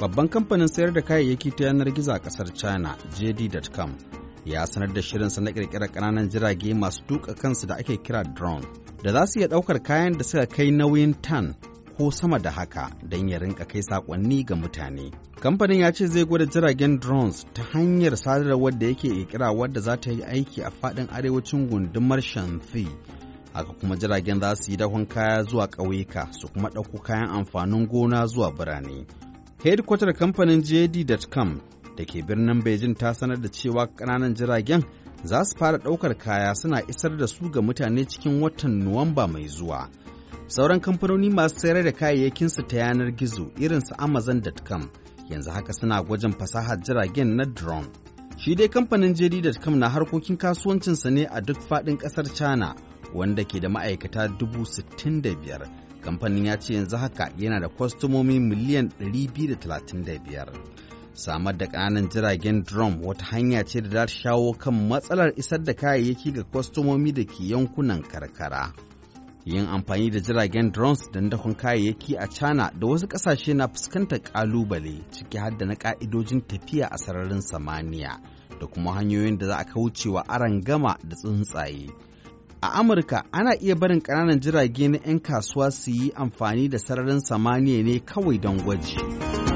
Babban kamfanin sayar da kayayyaki ta yanar gizo a kasar China, JD.com, ya sanar da shirinsa na ƙirƙirar kananan jirage masu duka kansu da ake kira drone, da za su iya ɗaukar kayan da suka kai nauyin tan ko sama da haka don ya rinka kai sakonni ga mutane. Kamfanin ya ce zai gwada jiragen drones ta hanyar sadarwar da yake ƙirƙira wadda za ta yi aiki a faɗin arewacin gundumar Shanxi. Haka kuma jiragen za su yi dakon kaya zuwa ƙauyuka su kuma ɗauko kayan amfanin gona zuwa birane. Hedkwatar kamfanin JD.com da ke birnin Beijing ta sanar da cewa ƙananan jiragen za su fara ɗaukar kaya suna isar da su ga mutane cikin watan Nuwamba mai zuwa. Sauran kamfanoni masu sayar da kayayyakin su ta yanar gizo irin su Amazon.com yanzu haka suna gwajin fasahar jiragen na drone. Shi dai kamfanin JD.com na harkokin kasuwancinsa ne a duk faɗin ƙasar China wanda ke da ma'aikata dubu sittin kamfanin ya ce yanzu haka yana da kwastomomi miliyan 235 samar da ƙananan jiragen drum wata hanya ce da za ta shawo kan matsalar isar da kayayyaki ga kwastomomi da ke yankunan karkara yin amfani da jiragen drones da dakon kayayyaki a china da wasu ƙasashe na fuskantar ƙalubale ciki har da na ƙa'idojin tafiya a sararin samaniya da kuma hanyoyin da za a kaucewa aron gama da tsuntsaye A Amurka ana iya barin ƙananan jirage na 'yan kasuwa su yi amfani da sararin samaniya ne kawai don gwaji.